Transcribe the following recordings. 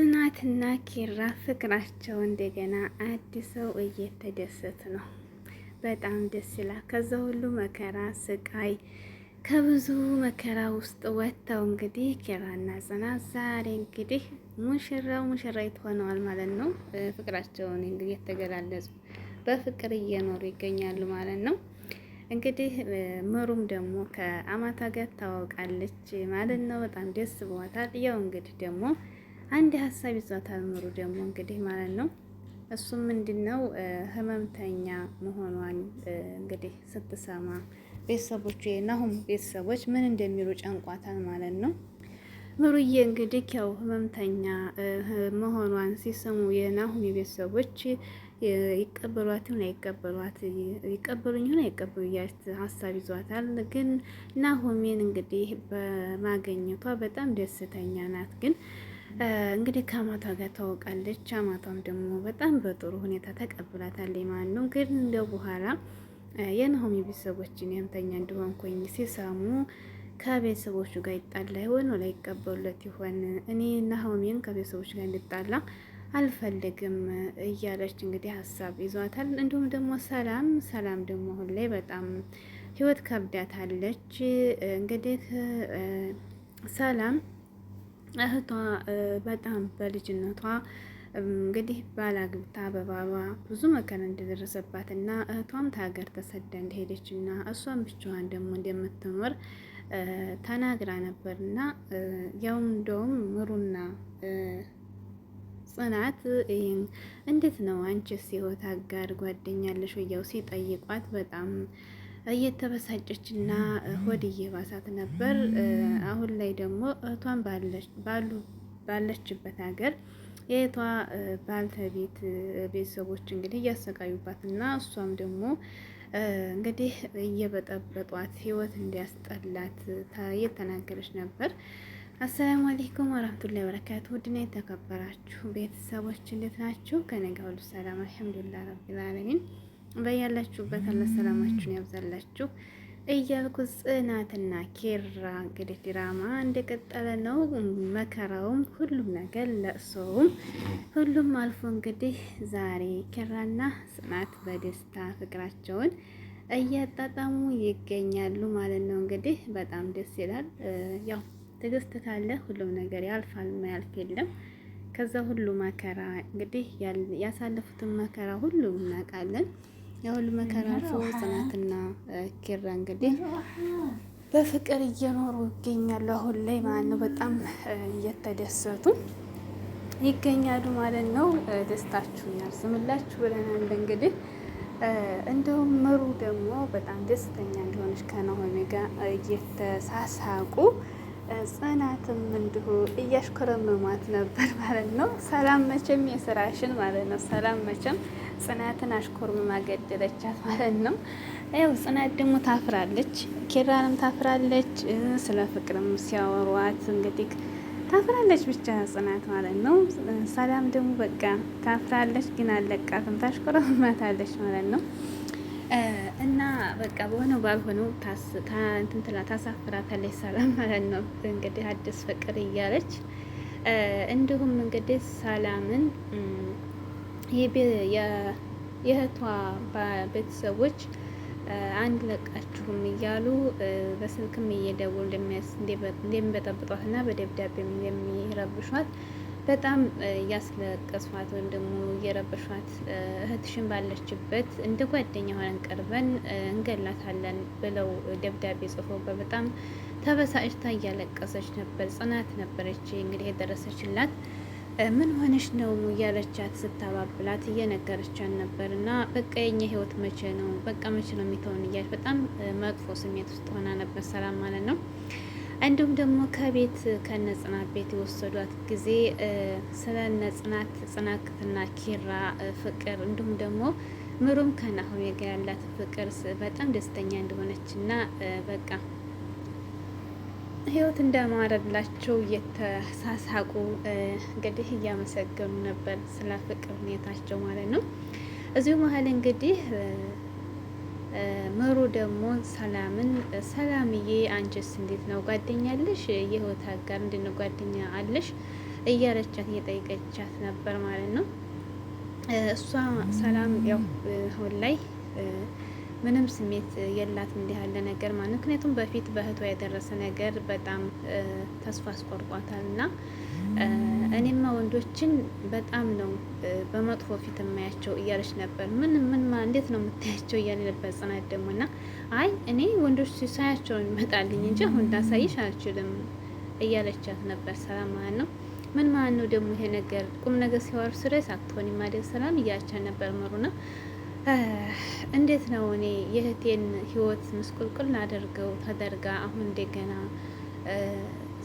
ጽናትና ኪራ ፍቅራቸው እንደገና አድሰው እየተደሰት ነው። በጣም ደስ ይላል። ከዛ ሁሉ መከራ ስቃይ፣ ከብዙ መከራ ውስጥ ወጥተው እንግዲህ ኪራና ጽናት ዛሬ እንግዲህ ሙሽራው ሙሽራይት ሆነዋል ማለት ነው። ፍቅራቸውን እንግዲህ የተገላለጹ በፍቅር እየኖሩ ይገኛሉ ማለት ነው። እንግዲህ ምሩም ደግሞ ከአማታ ጋር ታወቃለች ማለት ነው። በጣም ደስ ብሏታል። ያው እንግዲህ ደግሞ አንድ ሀሳብ ይዟታል ምሩ ደግሞ እንግዲህ ማለት ነው። እሱም ምንድን ነው ህመምተኛ መሆኗን እንግዲህ ስትሰማ ቤተሰቦች የናሁም ቤተሰቦች ምን እንደሚሉ ጨንቋታል ማለት ነው። ምሩዬ እንግዲህ ያው ህመምተኛ መሆኗን ሲሰሙ የናሁም የቤተሰቦች ይቀበሏት ይሁን አይቀበሏት ይቀበሉኝ ይሁን አይቀበሉ እያት ሀሳብ ይዟታል። ግን ናሆሜን እንግዲህ በማገኘቷ በጣም ደስተኛ ናት ግን እንግዲህ ከአማቷ ጋር ታወቃለች። አማቷም ደግሞ በጣም በጥሩ ሁኔታ ተቀብላታል ማለት ነው። ግን እንደ በኋላ የናሆሚ ቤተሰቦችን ያምተኛ እንደሆንኩኝ ሲሰሙ ከቤተሰቦቹ ጋር ይጣላ ይሆን ላይ ይቀበሉለት ይሆን? እኔ ናሆሚን ከቤተሰቦች ጋር እንድጣላ አልፈልግም እያለች እንግዲህ ሀሳብ ይዟታል። እንዲሁም ደግሞ ሰላም ሰላም ደግሞ አሁን ላይ በጣም ህይወት ከብዳታለች። እንግዲህ ሰላም እህቷ በጣም በልጅነቷ እንግዲህ ባላግብታ በባሏ ብዙ መከራ እንደደረሰባት እና እህቷም ተሀገር ተሰዳ እንደሄደች እና እሷም ብቻዋን ደግሞ እንደምትኖር ተናግራ ነበር እና ያው እንደውም ምሩና ጽናት እንዴት ነው አንቺስ ህይወት አጋር ጓደኛለሽ ወያው ሲጠይቋት በጣም እየተበሳጨችና ሆድ እየባሳት ነበር። አሁን ላይ ደግሞ እህቷን ባሉ ባለችበት ሀገር የእህቷ ባልተቤት ቤተሰቦች እንግዲህ እያሰቃዩባት እና እሷም ደግሞ እንግዲህ እየበጠበጧት ህይወት እንዲያስጠላት እየተናገረች ነበር። አሰላሙ አለይኩም ወራህመቱላሂ ወበረካቱ። ውድና የተከበራችሁ ቤተሰቦች እንዴት ናችሁ? ከነጋ ሁሉ ሰላም አልሐምዱሊላህ ረቢል ዓለሚን በያላችሁበት አላ ሰላማችሁን ያብዛላችሁ እያልኩ ጽናትና ኬራ እንግዲህ ድራማ እንደቀጠለ ነው። መከራውም ሁሉም ነገር ለእሶውም ሁሉም አልፎ እንግዲህ ዛሬ ኬራና ጽናት በደስታ ፍቅራቸውን እያጣጣሙ ይገኛሉ ማለት ነው። እንግዲህ በጣም ደስ ይላል። ያው ትዕግስት ካለ ሁሉም ነገር ያልፋል፣ ማያልፍ የለም። ከዛ ሁሉ መከራ እንግዲህ ያሳለፉትን መከራ ሁሉ እናውቃለን። የሁሉ መከራ አልፎ ጽናትና ኪራ እንግዲህ በፍቅር እየኖሩ ይገኛሉ። አሁን ላይ ማለት ነው በጣም እየተደሰቱ ይገኛሉ ማለት ነው። ደስታችሁን ያርዝምላችሁ ብለናል። እንግዲህ እንደውም ምሩ ደግሞ በጣም ደስተኛ እንደሆነች ከነሆነ ጋር እየተሳሳቁ ጽናትም እንዲሁ እያሽኮረመማት ነበር ማለት ነው። ሰላም መቼም የስራሽን ማለት ነው። ሰላም መቼም ጽናትን አሽኮርመማ ገደለቻት ማለት ነው። ያው ጽናት ደግሞ ታፍራለች፣ ኬራንም ታፍራለች። ስለ ፍቅርም ሲያወሯት እንግዲህ ታፍራለች ብቻ ጽናት ማለት ነው። ሰላም ደግሞ በቃ ታፍራለች፣ ግን አለቃትም ታሽኮረመማታለች ማለት ነው። እና በቃ በሆነው ባልሆነው እንትን ትላ ታሳፍራታለች ሰላም ማለት ነው። እንግዲህ አዲስ ፍቅር እያለች እንዲሁም እንግዲህ ሰላምን የእህቷ ቤተሰቦች አንድ ለቃችሁም እያሉ በስልክም እየደወሉ እንደሚያስ እና በደብዳቤም የሚረብሿት በጣም እያስለቀስኋት ወይም ደግሞ እየረበሿት እህትሽን ባለችበት እንደ ጓደኛ ሆነን ቀርበን እንገላታለን ብለው ደብዳቤ ጽፎበት በጣም ተበሳጭታ እያለቀሰች ነበር። ጽናት ነበረች እንግዲህ የደረሰችላት ምን ሆነሽ ነው እያለቻት ስታባብላት እየነገረቻን ነበር። እና በቃ የኛ ህይወት መቼ ነው በቃ መቼ ነው የሚተውን እያለች በጣም መጥፎ ስሜት ውስጥ ሆና ነበር። ሰላም ማለት ነው እንዲሁም ደግሞ ከቤት ከነ ጽናት ቤት የወሰዷት ጊዜ ስለ ጽናት ኪራ ፍቅር እንዲሁም ደግሞ ምሩም ከናሁሜ ጋር ያላት ፍቅር በጣም ደስተኛ እንደሆነች እና በቃ ህይወት እንደማረላቸው እየተሳሳቁ እንግዲህ እያመሰገኑ ነበር ስለ ፍቅር ሁኔታቸው ማለት ነው። እዚሁ መሀል እንግዲህ ምሩ ደግሞ ሰላምን ሰላምዬ፣ አንቺስ እንዴት ነው ጓደኛ አለሽ? የህይወት አጋር እንድን ጓደኛ አለሽ እያለቻት እየጠየቀቻት ነበር ማለት ነው። እሷ ሰላም ያው አሁን ላይ ምንም ስሜት የላት እንዲህ ያለ ነገር ማለት ምክንያቱም በፊት በእህቷ የደረሰ ነገር በጣም ተስፋ አስቆርጧታል። እና እኔማ ወንዶችን በጣም ነው በመጥፎ ፊት የማያቸው እያለች ነበር። ምን ምን ማ እንዴት ነው የምታያቸው እያለ ነበር ጽናት ደግሞ እና አይ እኔ ወንዶች ሳያቸው ይመጣልኝ እንጂ አሁን እንዳሳይሽ አልችልም እያለቻት ነበር። ሰላም ማለት ነው ምን ማን ነው ደግሞ ይሄ ነገር ቁም ነገር ሲዋሩ ስሬ ሳትሆን ማደግ ሰላም እያለቻት ነበር መሩና እንዴት ነው እኔ የእህቴን ህይወት ምስቁልቁል አደርገው ተደርጋ አሁን እንደገና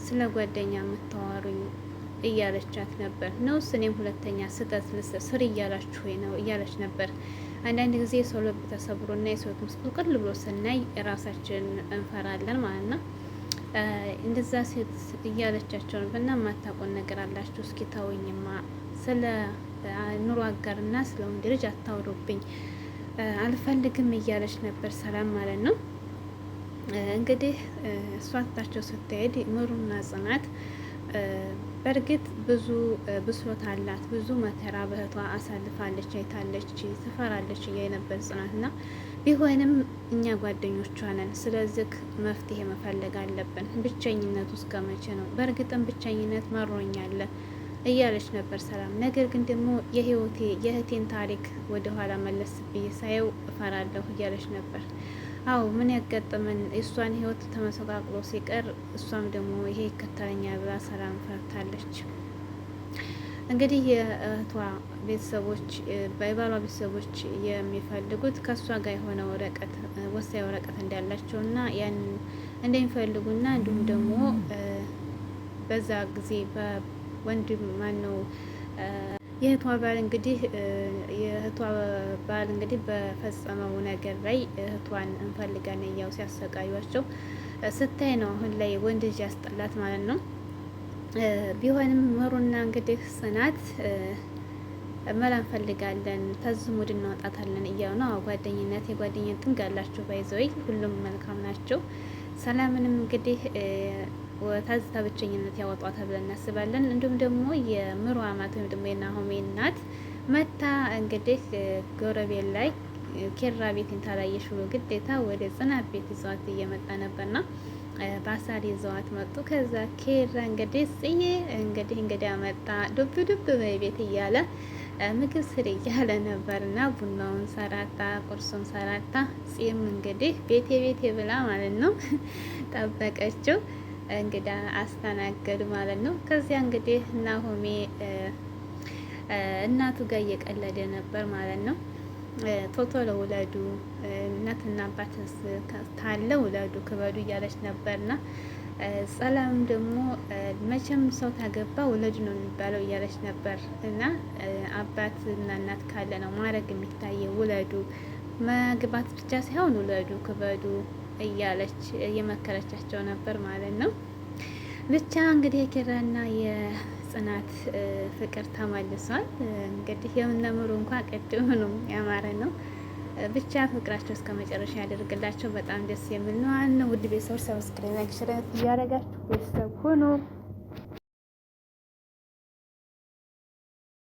ስለ ጓደኛ የምታዋሩኝ እያለቻት ነበር። ነውስ እኔም ሁለተኛ ስህተት ልስር ስር እያላችሁ ነው እያለች ነበር። አንዳንድ ጊዜ የሰው ልብ ተሰብሮና የሰው ህይወት ብሎ ስናይ ራሳችን እንፈራለን ማለት ነው። እንደዛ ሴት እያለቻቸው ነበር። እና ነገር አላችሁ። እስኪ ተውኝማ ስለ ኑሮ አጋርና ስለ ወንድ ልጅ አታውሩብኝ። አልፈልግም እያለች ነበር ሰላም ማለት ነው። እንግዲህ እሷታቸው ስትሄድ ምሩና ጽናት በእርግጥ ብዙ ብስሎት አላት። ብዙ መከራ በህቷ አሳልፋለች፣ አይታለች፣ ትፈራለች እያይ ነበር ና ቢሆንም እኛ ጓደኞቿ ነን። ስለዚህ መፍትሄ መፈለግ አለብን። ብቸኝነት ውስጥ ከመቼ ነው? በእርግጥም ብቸኝነት መሮኛለን እያለች ነበር ሰላም። ነገር ግን ደግሞ የህይወቴ የእህቴን ታሪክ ወደኋላ መለስ ብዬ ሳየው እፈራለሁ እያለች ነበር። አዎ ምን ያጋጠመን የእሷን ህይወት ተመሰቃቅሎ ሲቀር እሷም ደግሞ ይሄ ይከተለኛል ብላ ሰላም ፈርታለች። እንግዲህ የእህቷ ቤተሰቦች በባሏ ቤተሰቦች የሚፈልጉት ከእሷ ጋር የሆነ ወረቀት ወሳኝ ወረቀት እንዳላቸውና ያን እንደሚፈልጉና እንዲሁም ደግሞ በዛ ጊዜ ወንድም ማን ነው የእህቷ ባል እንግዲህ የእህቷ ባል እንግዲህ በፈጸመው ነገር ላይ እህቷን እንፈልጋን እያው ሲያሰቃዩቸው ስታይ ነው አሁን ላይ ወንድ ልጅ ያስጠላት ማለት ነው። ቢሆንም ምሩና እንግዲህ ጽናት መላ እንፈልጋለን ተዝሙ ድን እናወጣታለን እያሉ ነው። ጓደኝነት የጓደኝነት ጋላችሁ ባይዘወይ ሁሉም መልካም ናቸው። ሰላምንም እንግዲህ ከዚህ ተብቸኝነት ያወጧታል ብለን እናስባለን። እንዲሁም ደግሞ የምሩ አማት ወይም ደግሞ የናሆሜ እናት መታ እንግዲህ ጎረቤት ላይ ኬራ ቤት ታላየሽ ብሎ ግዴታ ወደ ጽናት ቤት ይዘዋት እየመጣ ነበርና ባሳሪ ይዘዋት መጡ። ከዛ ኬራ እንግዲህ ጽዬ እንግዲህ እንግዲህ አመጣ ዱብ ዱብ በይ ቤት እያለ ምግብ ስር እያለ ነበርና ቡናውን ሰራታ፣ ቁርሱን ሰራታ። ጽም እንግዲህ ቤቴ ቤቴ ብላ ማለት ነው ጠበቀችው። እንግዳ አስተናገዱ ማለት ነው። ከዚያ እንግዲህ ናሆሜ እናቱ ጋር እየቀለደ ነበር ማለት ነው። ቶቶ ውለዱ እናትና አባት ታለ ውለዱ ክበዱ እያለች ነበርና ሰላም ደግሞ መቼም ሰው ታገባ ውለዱ ነው የሚባለው እያለች ነበር እና አባት እና እናት ካለ ነው ማድረግ የሚታየው ውለዱ መግባት ብቻ ሳይሆን ውለዱ ክበዱ እያለች እየመከረቻቸው ነበር ማለት ነው። ብቻ እንግዲህ የኪራና የጽናት ፍቅር ተመልሷል። እንግዲህ የምነምሩ እንኳ ቅድም ነው ያማረ ነው። ብቻ ፍቅራቸው እስከ መጨረሻ ያደርግላቸው። በጣም ደስ የሚል ነው። ውድ ቤተሰቦች ሰብስክራይብ፣ ላይክ፣ ሸር እያደረጋችሁ ቤተሰብ ሁኑ።